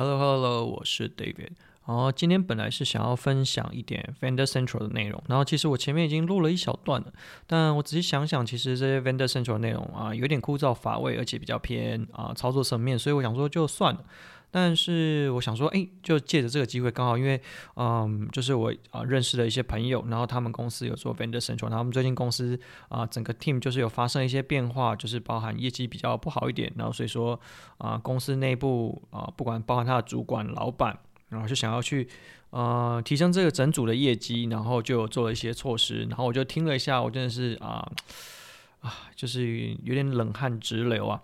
Hello, hello Hello，我是 David。然後，uh，今天本來是想要分享一點 Vendor Central 的內容，然後其實我前面已經錄了一小段了，但我仔細想想，其實這些 Vendor Central 的內容啊，有點枯燥乏味，而且比較偏啊操作層面，所以我想說就算了。但是我想說，哎、欸，就借着這個機會，剛好因為，嗯，就是我啊、呃、認識了一些朋友，然後他們公司有做 Vendor Central，然後他們最近公司啊、呃、整個 team 就是有發生一些變化，就是包含業績比較不好一點，然後所以說啊、呃、公司內部啊、呃、不管包含他的主管、老板，然後就想要去呃提升這個整組的業績，然後就做了一些措施，然後我就聽了一下，我真的是啊啊、呃、就是有點冷汗直流啊。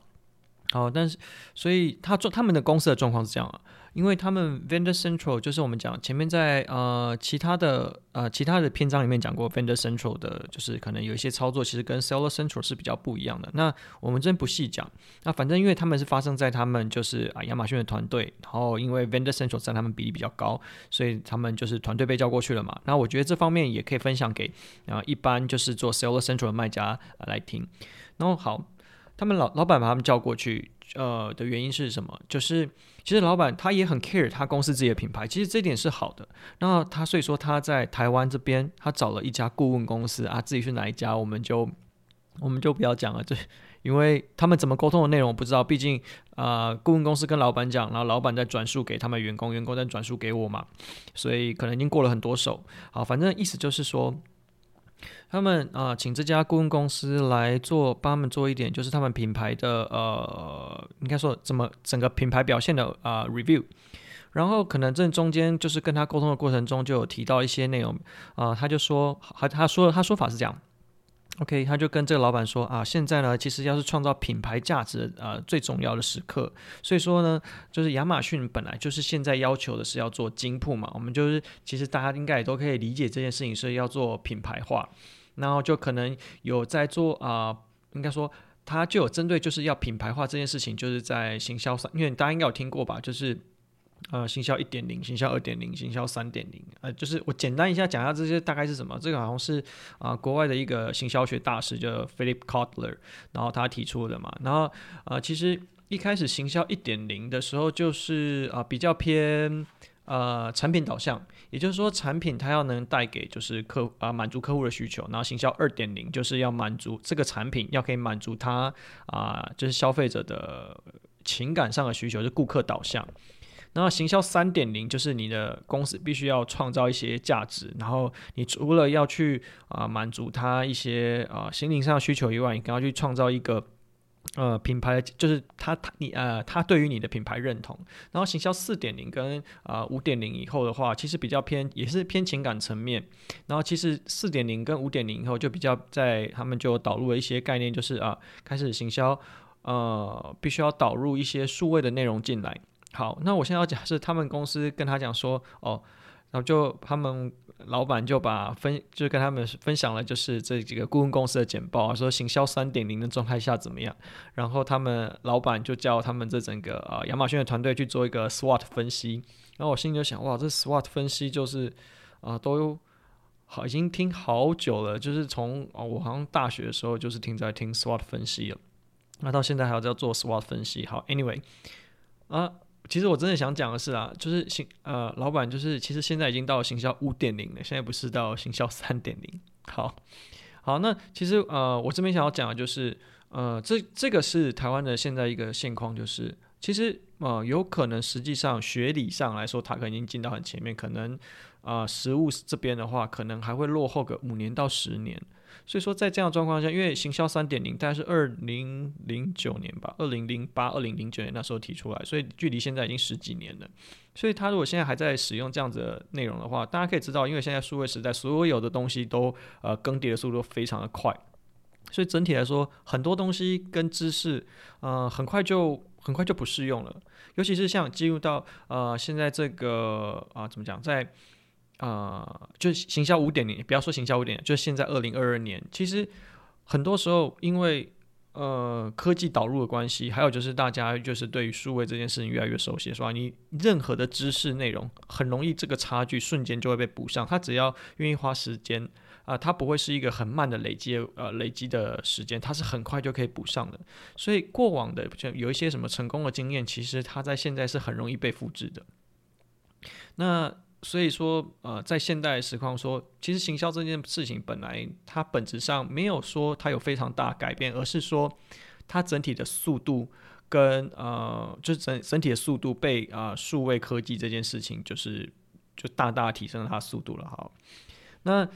好，但是，所以他做他們的公司的狀況是這樣啊，因為他們 Vendor Central 就是我們講前面在呃其他的呃其他的篇章裡面講過 Vendor Central 的，就是可能有一些操作其實跟 Seller Central 是比較不一樣的。那我們真不細講，那反正因為他們是發生在他們就是啊亞馬遜的團隊，然後因為 Vendor Central 佔他們比例比較高，所以他們就是團隊被叫過去了嘛。那我覺得這方面也可以分享給啊一般就是做 Seller Central 的賣家、啊、來聽。然後好。他們老老板把他們叫過去，呃的原因是什麼？就是其實老板他也很 care 他公司自己的品牌，其實這一點是好的。那他所以說他在台灣這邊，他找了一家顧問公司啊，自己是哪一家，我們就我們就不要講了，這因為他們怎麼溝通的內容我不知道，畢竟啊、呃、顧問公司跟老板講，然後老板再轉述給他們員工，員工再轉述給我嘛，所以可能已經過了很多手。好、啊，反正意思就是說。他們啊、呃，請這家顧問公司來做，幫他們做一點，就是他們品牌的呃，應該說怎麼整個品牌表現的啊、呃、review。然後可能正中間就是跟他溝通的過程中，就有提到一些內容啊、呃，他就說，他他說他說法是這樣。OK，他就跟這個老闆說啊，現在呢，其實要是創造品牌價值呃最重要的時刻。所以說呢，就是亞馬遜本來就是現在要求的是要做精舖嘛，我們就是其實大家應該也都可以理解這件事情是要做品牌化，然後就可能有在做啊、呃，應該說他就有針對就是要品牌化這件事情，就是在行銷上，因為大家應該有聽過吧，就是。呃，行銷一點零，行銷二點零，行銷三點零，呃，就是我簡單一下講一下這些大概是什麼。這個好像是啊、呃，國外的一個行銷學大師叫 Philip Kotler，然後他提出的嘛。然後呃，其實一開始行銷一點零的時候，就是啊、呃、比較偏呃產品導向，也就是說產品它要能帶給就是客啊、呃、滿足客戶的需求。然後行銷二點零就是要滿足這個產品要可以滿足他啊、呃、就是消費者的情感上的需求，就是顧客導向。然後行銷三點零就是你的公司必須要創造一些價值，然後你除了要去啊、呃、滿足他一些啊、呃、心靈上的需求以外，你還要去創造一個呃品牌，就是他他你呃他對於你的品牌認同。然後行銷四點零跟啊五點零以後的話，其實比較偏也是偏情感層面。然後其實四點零跟五點零以後就比較在他們就導入了一些概念，就是啊、呃、開始行銷呃必須要導入一些數位的內容進來。好，那我現在要講是他們公司跟他講說，哦，然後就他們老闆就把分就跟他們分享了，就是這幾個顧問公司的簡報啊，說行銷三點零的狀態下怎麼樣。然後他們老闆就叫他們這整個啊亞馬遜的團隊去做一個 SWOT 分析。然後我心裡就想，哇，這 SWOT 分析就是啊都好已經聽好久了，就是從啊我好像大學的時候就是聽在聽 SWOT 分析了，那、啊、到現在還要在做 SWOT 分析。好，Anyway 啊。其實我真的想講的是啊，就是行呃，老板就是其實現在已經到了行銷五點零了，現在不是到了行銷三點零。好好，那其實呃，我這邊想要講的就是呃，這這個是台灣的現在一個現況，就是其實呃，有可能實際上學理上來說，他可能已經進到很前面，可能啊、呃、實務這邊的話，可能還會落後個五年到十年。所以說，在這樣的狀況下，因為行銷三點零大概是二零零九年吧，二零零八、二零零九年那時候提出來，所以距離現在已經十幾年了。所以他如果現在還在使用這樣子的內容的話，大家可以知道，因為現在數位時代所有的東西都呃更迭的速度非常的快，所以整體來說，很多東西跟知識嗯、呃，很快就很快就不適用了，尤其是像進入到呃現在這個啊、呃、怎麼講在。啊、呃，就行銷五點零，不要說行銷五點，就現在二零二二年，其實很多時候因為呃科技導入的關係，還有就是大家就是對於數位這件事情越來越熟悉，是吧？你任何的知識內容，很容易這個差距瞬間就會被補上。它只要願意花時間啊、呃，它不會是一個很慢的累積，呃，累積的時間，它是很快就可以補上的。所以過往的就有一些什麼成功的經驗，其實它在現在是很容易被複製的。那。所以說，呃，在現代實況說，其實行銷這件事情本來它本質上沒有說它有非常大改變，而是說它整體的速度跟呃，就是整整體的速度被啊，呃，數位科技這件事情就是就大大提升了它速度了。好，那。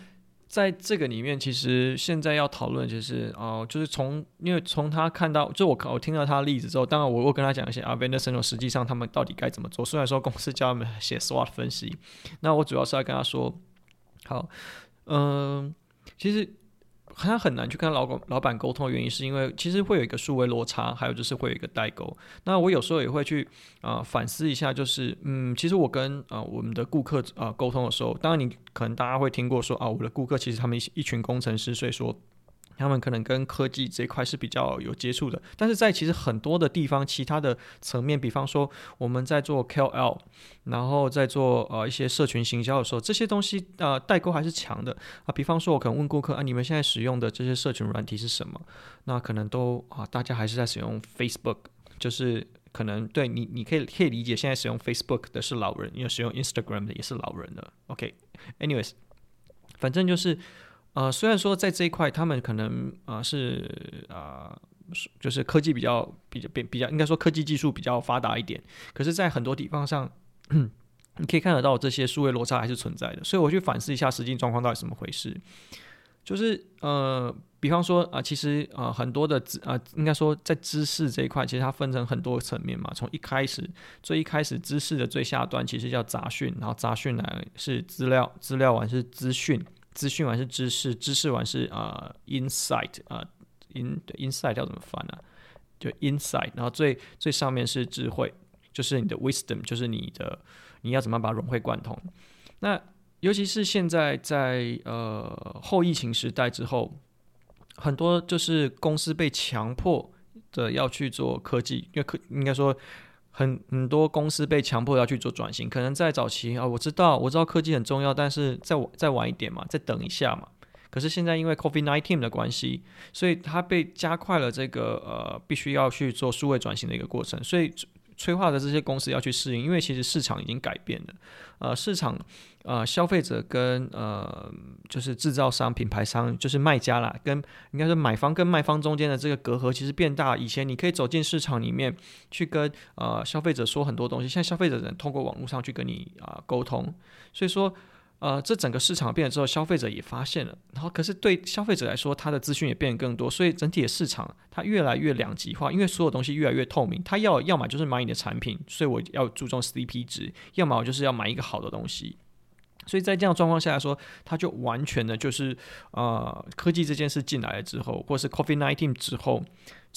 在這個裡面，其實現在要討論就是哦、呃，就是從因為從他看到，就我我聽到他的例子之後，當然我會跟他講一些啊 Vendor Central 實際上他們到底該怎麼做？雖然說公司叫他們寫 SWOT 分析，那我主要是要跟他說，好，嗯、呃，其實。他很難去跟老老闆溝通的原因，是因為其實會有一個數位落差，還有就是會有一個代溝。那我有時候也會去啊、呃、反思一下，就是嗯，其實我跟啊、呃、我們的顧客啊呃、溝通的時候，當然你可能大家會聽過說啊，我的顧客其實他們一一群工程師，所以說。他們可能跟科技這一塊是比較有接觸的，但是在其實很多的地方，其他的層面，比方說我們在做 KOL，然後在做呃一些社群行銷的時候，這些東西呃代溝還是強的啊。比方說，我可能問顧客啊，你們現在使用的這些社群軟體是什麼？那可能都啊，大家還是在使用 Facebook，就是可能對你，你可以可以理解，現在使用 Facebook 的是老人，因為使用 Instagram 的也是老人的。OK，anyways，okay. 反正就是。呃，雖然說在這一塊，他們可能啊、呃、是啊、呃，就是科技比較比較變，比較，應該說科技技術比較發達一點，可是，在很多地方上，你可以看得到這些數位落差還是存在的。所以，我去反思一下實際狀況到底怎麼回事。就是呃，比方說啊、呃，其實啊，很多的知啊，應該說在知識這一塊，其實它分成很多層面嘛。從一開始，最一開始知識的最下端，其實叫雜訊，然後雜訊呢是資料，資料完是資訊。資訊完是知識，知識完是啊、uh,，insight 啊、uh,，in insight 要怎麼翻呢、啊？就 insight，然後最最上面是智慧，就是你的 wisdom，就是你的你要怎麼把融會貫通。那尤其是現在在呃後疫情時代之後，很多就是公司被強迫的要去做科技，因為科應該說。很，很多公司被強迫要去做轉型，可能在早期啊、哦，我知道我知道科技很重要，但是再晚，再晚一點嘛，再等一下嘛。可是現在因為 COVID nineteen 的關係，所以它被加快了這個呃，必須要去做數位轉型的一個過程，所以。催化的這些公司要去適應，因為其實市場已經改變了。呃，市場，呃，消費者跟呃就是制造商、品牌商就是賣家啦，跟應該是買方跟賣方中間的這個隔閡其實變大。以前你可以走進市場裡面去跟呃消費者說很多東西，現在消費者能通過網絡上去跟你啊、呃、溝通，所以說。呃，這整個市場變了之後，消費者也發現了，然後可是對消費者來說，他的資訊也變得更多，所以整體的市場它越來越兩極化，因為所有東西越來越透明，他要要麼就是買你的產品，所以我要注重 CP 值，要麼我就是要買一個好的東西，所以在這樣的狀況下來說，它就完全的，就是呃科技這件事進來了之後，或是 COVID-19 之後。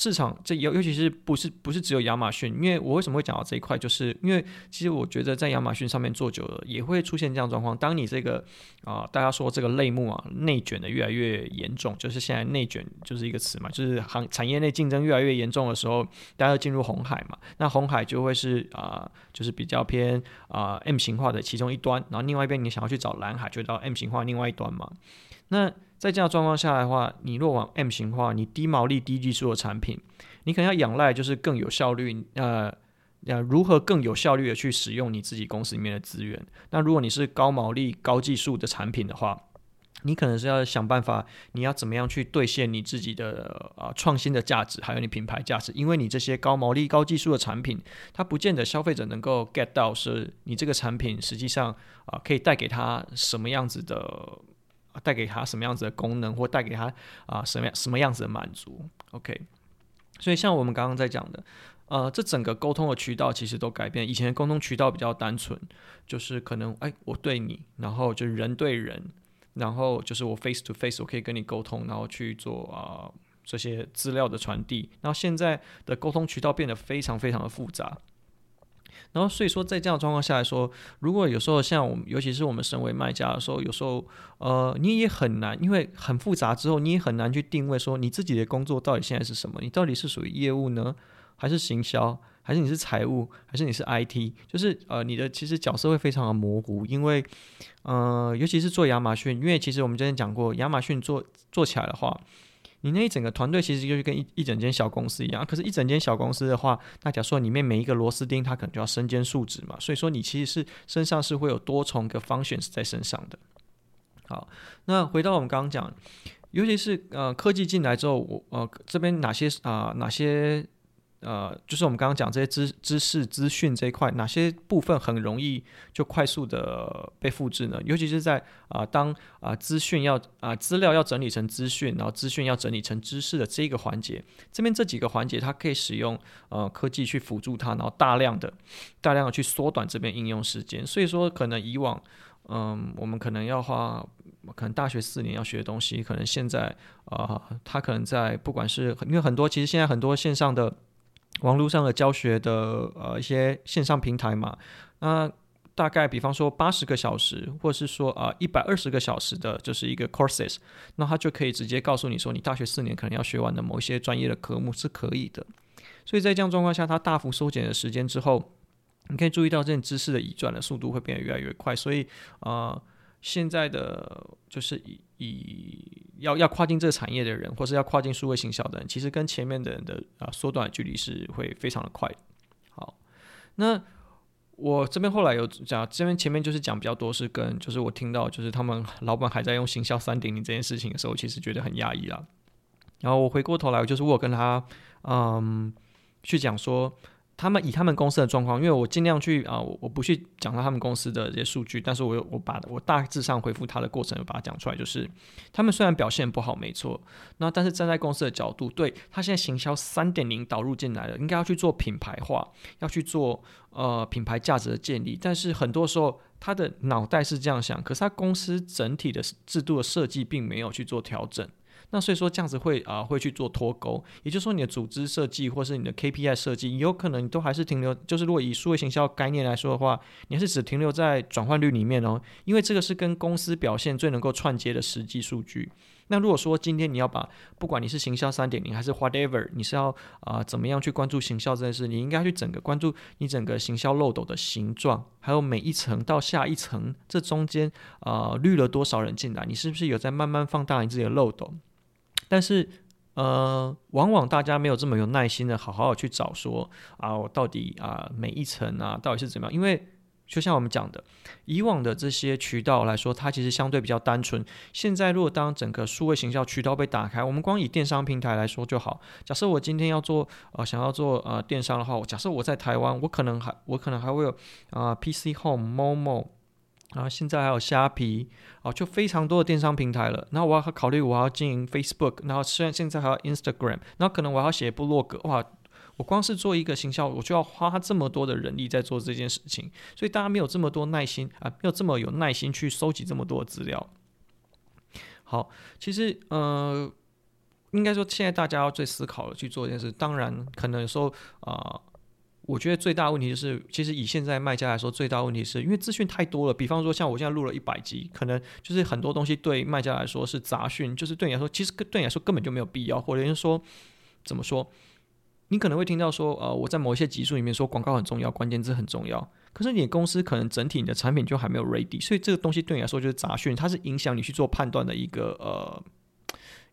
市場這尤尤其是不是不是只有亞馬遜，因為我為什麼會講到這一塊，就是因為其實我覺得在亞馬遜上面做久了，也會出現這樣狀況。當你這個啊、呃，大家說這個類目啊，內捲的越來越嚴重，就是現在內捲就是一個詞嘛，就是行產業內競爭越來越嚴重的時候，大家要進入紅海嘛，那紅海就會是啊、呃，就是比較偏啊、呃、M 型化的其中一端，然後另外一邊你想要去找藍海，就到 M 型化另外一端嘛。那在這樣的狀況下來的話，你若往 M 型化，你低毛利、低技術的產品，你可能要仰賴就是更有效率，呃，要、呃、如何更有效率的去使用你自己公司裡面的資源。那如果你是高毛利、高技術的產品的話，你可能是要想辦法，你要怎麼樣去兌現你自己的啊、呃、創新的價值，還有你品牌價值，因為你這些高毛利、高技術的產品，它不見得消費者能夠 get 到是你這個產品實際上啊、呃、可以帶給他什麼樣子的。帶給他什麼樣子的功能，或帶給他啊、呃、什麼樣什麼樣子的滿足。OK，所以像我們剛剛在講的，呃，這整個溝通的渠道其實都改變。以前的溝通渠道比較單純，就是可能誒、哎，我對你，然後就是人對人，然後就是我 face to face，我可以跟你溝通，然後去做啊、呃、這些資料的傳遞。然後現在的溝通渠道變得非常非常的複雜。然後所以說，在這樣的狀況下來說，如果有時候像我們，尤其是我們身為賣家的時候，有時候呃你也很難，因為很複雜之後你也很難去定位說你自己的工作到底現在是什麼？你到底是屬於業務呢，還是行銷？還是你是財務？還是你是 IT？就是呃你的其實角色會非常的模糊，因為呃尤其是做亞馬遜，因為其實我們之前講過，亞馬遜做做起來的話。你那一整個團隊其實就是跟一一整間小公司一樣，可是，一整間小公司的話，那假如說裡面每一個螺絲釘，它可能就要身兼數職嘛。所以說，你其實是身上是會有多重個 functions 在身上的。好，那回到我們剛剛講，尤其是呃科技進來之後，我呃這邊哪些啊、呃、哪些？呃，就是我們剛剛講這些知識知識資訊，這一塊，哪些部分很容易就快速的被複製呢？尤其是在啊、呃，當啊、呃、資訊要啊、呃、資料要整理成資訊，然後資訊要整理成知識的這個環節，這邊這幾個環節，它可以使用呃科技去輔助它，然後大量的大量的去縮短這邊應用時間。所以說，可能以往嗯、呃，我們可能要花可能大學四年要學的東西，可能現在啊、呃，它可能在不管是因為很多其實現在很多線上的。網絡上的教學的呃一些線上平台嘛，那大概比方說八十個小時，或者是說啊一百二十個小時的，就是一個 courses，那它就可以直接告訴你說，你大學四年可能要學完的某一些專業的科目是可以的。所以在這樣狀況下，它大幅縮減的時間之後，你可以注意到這件知識的移轉的速度會變得越來越快。所以啊。呃現在的就是以以要要跨進這個產業的人，或是要跨進數位行銷的人，其實跟前面的人的啊、呃、縮短距離是會非常的快的。好，那我這邊後來有講，這邊前面就是講比較多是跟就是我聽到就是他們老板還在用行銷三點零這件事情的時候，其實覺得很壓抑啊。然後我回過頭來，就是我跟他嗯去講說。他們以他們公司的狀況，因為我儘量去啊、呃，我我不去講到他們公司的這些數據，但是我我把我大致上回復他的過程我把它講出來，就是他們雖然表現不好，沒錯，那但是站在公司的角度，對，他現在行銷三點零導入進來了，應該要去做品牌化，要去做呃品牌價值的建立，但是很多時候他的腦袋是這樣想，可是他公司整體的制度的設計並沒有去做調整。那所以說這樣子會啊、呃、會去做脫鈎，也就是說你的組織設計或是你的 KPI 設計，有可能你都還是停留，就是如果以數位行銷概念來說的話，你還是只停留在轉換率裡面哦，因為這個是跟公司表現最能夠串接的實際數據。那如果說今天你要把不管你是行銷三點零還是 whatever，你是要啊、呃、怎麼樣去關注行銷這件事，你應該去整個關注你整個行銷漏斗的形狀，還有每一層到下一層這中間啊、呃、濾了多少人進來，你是不是有在慢慢放大你自己的漏斗？但是，呃，往往大家沒有這麼有耐心的好好好去找說啊，我到底啊每一層啊到底是怎麼樣？因為就像我們講的，以往的這些渠道來說，它其實相對比較單純。現在如果當整個數位行銷渠道被打開，我們光以電商平台來說就好。假設我今天要做呃想要做呃電商的話，假設我在台灣，我可能還我可能還會有啊、呃、PC Home、Momo。然後現在還有蝦皮，啊，就非常多的電商平台了。然後我要考慮，我要經營 Facebook，然後雖然現在還有 Instagram，然後可能我要寫部落格，哇，我光是做一個行銷，我就要花他這麼多的人力在做這件事情，所以大家沒有這麼多耐心啊，沒有這麼有耐心去收集這麼多的資料。好，其實呃，應該說現在大家要最思考的去做一件事，當然可能說啊。呃我覺得最大的問題就是，其實以現在賣家來說，最大的問題是，因為資訊太多了。比方說，像我現在錄了一百集，可能就是很多東西對賣家來說是雜訊，就是對你來說，其實對你來說根本就沒有必要，或者就是說怎麼說？你可能會聽到說，呃，我在某一些集數裡面說廣告很重要，關鍵字很重要，可是你的公司可能整體你的產品就還沒有 ready，所以這個東西對你來說就是雜訊，它是影響你去做判斷的一個呃。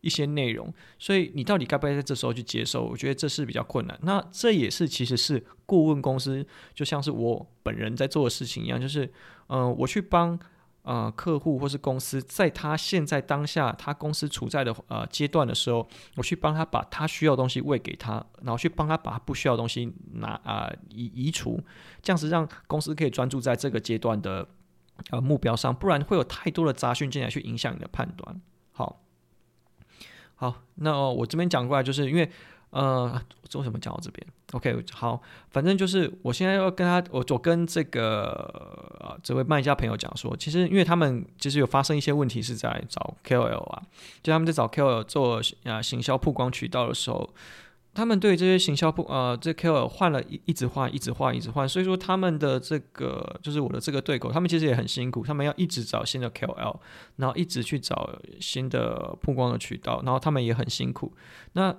一些內容，所以你到底該不該在這時候去接受？我覺得這是比較困難。那這也是其實是顧問公司，就像是我本人在做的事情一樣，就是，嗯、呃，我去幫啊、呃、客戶或是公司，在他現在當下他公司處在的呃階段的時候，我去幫他把他需要的東西餵給他，然後去幫他把他不需要的東西拿啊、呃、移移除，這樣子讓公司可以專注在這個階段的呃目標上，不然會有太多的雜訊進來去影響你的判斷。好。好，那、哦、我這邊講過來，就是因為，呃，為什麼講到這邊？OK，好，反正就是我現在要跟他，我我跟這個呃這位賣家朋友講說，其實因為他們其實有發生一些問題是在找 KOL 啊，就他們在找 KOL 做啊，行銷曝光渠道的時候。他們對這些行銷鋪啊、呃，這 KOL 換了一一直換，一直換，一直換，所以說他們的這個就是我的這個對口，他們其實也很辛苦，他們要一直找新的 KOL，然後一直去找新的曝光的渠道，然後他們也很辛苦。那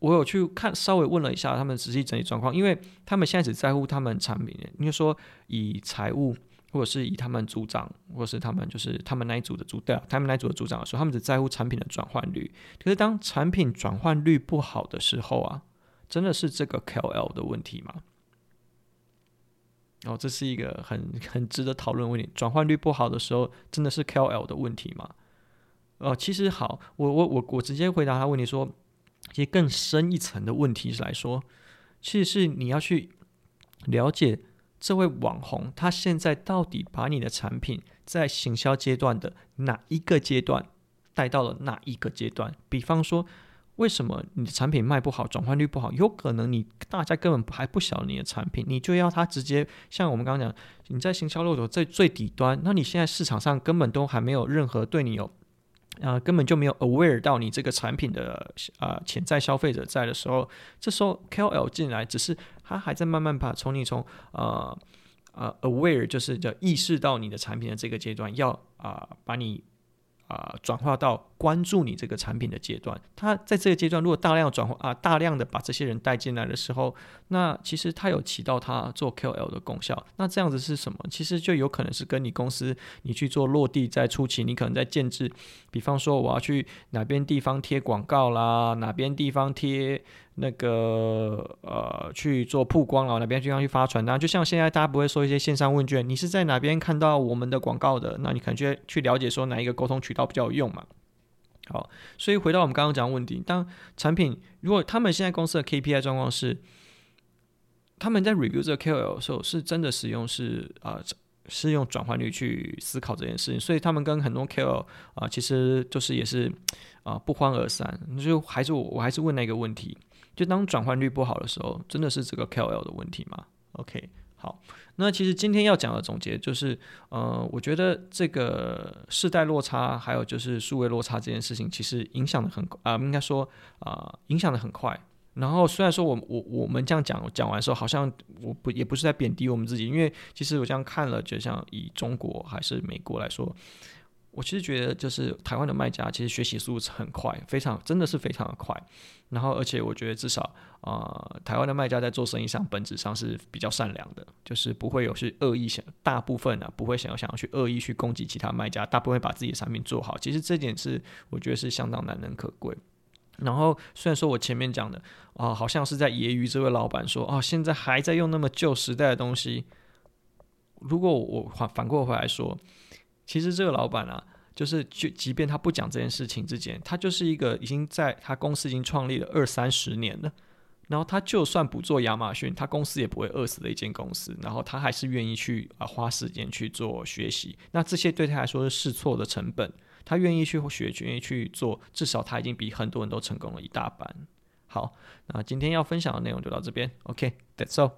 我有去看，稍微問了一下他們實際整體狀況，因為他們現在只在乎他們產品的，你就說以財務。或者是以他們組長，或者是他們就是他們那一組的組長、啊，他們那一組的組長說，他們只在乎產品的轉換率。可是當產品轉換率不好的時候啊，真的是這個 KOL 的問題嗎？哦，這是一個很很值得討論的問題。轉換率不好的時候，真的是 KOL 的問題嗎？哦，其實好，我我我我直接回答他問題說，其實更深一層的問題來說，其實是你要去了解。這位網紅，他現在到底把你的產品在行銷階段的哪一個階段帶到了哪一個階段？比方說，為什麼你的產品賣不好，轉換率不好？有可能你大家根本還不曉得你的產品，你就要他直接像我們剛剛講，你在行銷漏斗最最底端，那你現在市場上根本都還沒有任何對你有，啊、呃，根本就沒有 aware 到你這個產品的啊、呃、潛在消費者在的時候，這時候 KOL 進來只是。他還在慢慢把從你從呃呃 aware，就是叫意識到你的產品的這個階段，要啊、呃、把你啊、呃、轉化到關注你這個產品的階段。他在這個階段如果大量轉化啊、呃、大量的把這些人帶進來的時候，那其實他有起到他做 KOL 的功效。那這樣子是什麼？其實就有可能是跟你公司你去做落地在初期，你可能在建制，比方說我要去哪邊地方貼廣告啦，哪邊地方貼。那個呃，去做曝光啊，哪邊經常去發傳單？就像現在大家不會說一些線上問卷，你是在哪邊看到我們的廣告的？那你可能去去了解說哪一個溝通渠道比較有用嘛？好，所以回到我們剛剛講的問題，當產品如果他們現在公司的 KPI 狀況是他們在 review 這個 KOL 的時候，是真的使用是啊、呃、是用轉換率去思考這件事情，所以他們跟很多 KOL 啊、呃，其實就是也是啊、呃、不歡而散。就還是我我還是問那個問題。就當轉換率不好的時候，真的是這個 KOL 的問題嗎？OK，好，那其實今天要講的總結就是，呃，我覺得這個世代落差，還有就是數位落差這件事情，其實影響的很啊、呃，應該說啊、呃，影響的很快。然後雖然說我我我們這樣講講完的時候好像我不也不是在貶低我們自己，因為其實我這樣看了，就像以中國還是美國來說。我其實覺得，就是台灣的賣家，其實學習速度是很快，非常真的是非常的快。然後，而且我覺得至少啊、呃，台灣的賣家在做生意上，本質上是比較善良的，就是不會有去惡意想，大部分啊，不會想要想要去惡意去攻擊其他賣家，大部分把自己的產品做好。其實這點是我覺得是相當難能可貴。然後，雖然說我前面講的啊，好像是在揶揄這位老板說，啊、哦，現在還在用那麼舊時代的東西。如果我反反過回來說。其實這個老闆啊，就是就即便他不講這件事情之前，他就是一個已經在他公司已經創立了二三十年了，然後他就算不做亞馬遜，他公司也不會餓死的一間公司，然後他還是願意去啊花時間去做學習，那這些對他來說是試錯的成本，他願意去學，願意去做，至少他已經比很多人都成功了一大半。好，那今天要分享的內容就到這邊，OK，That's all。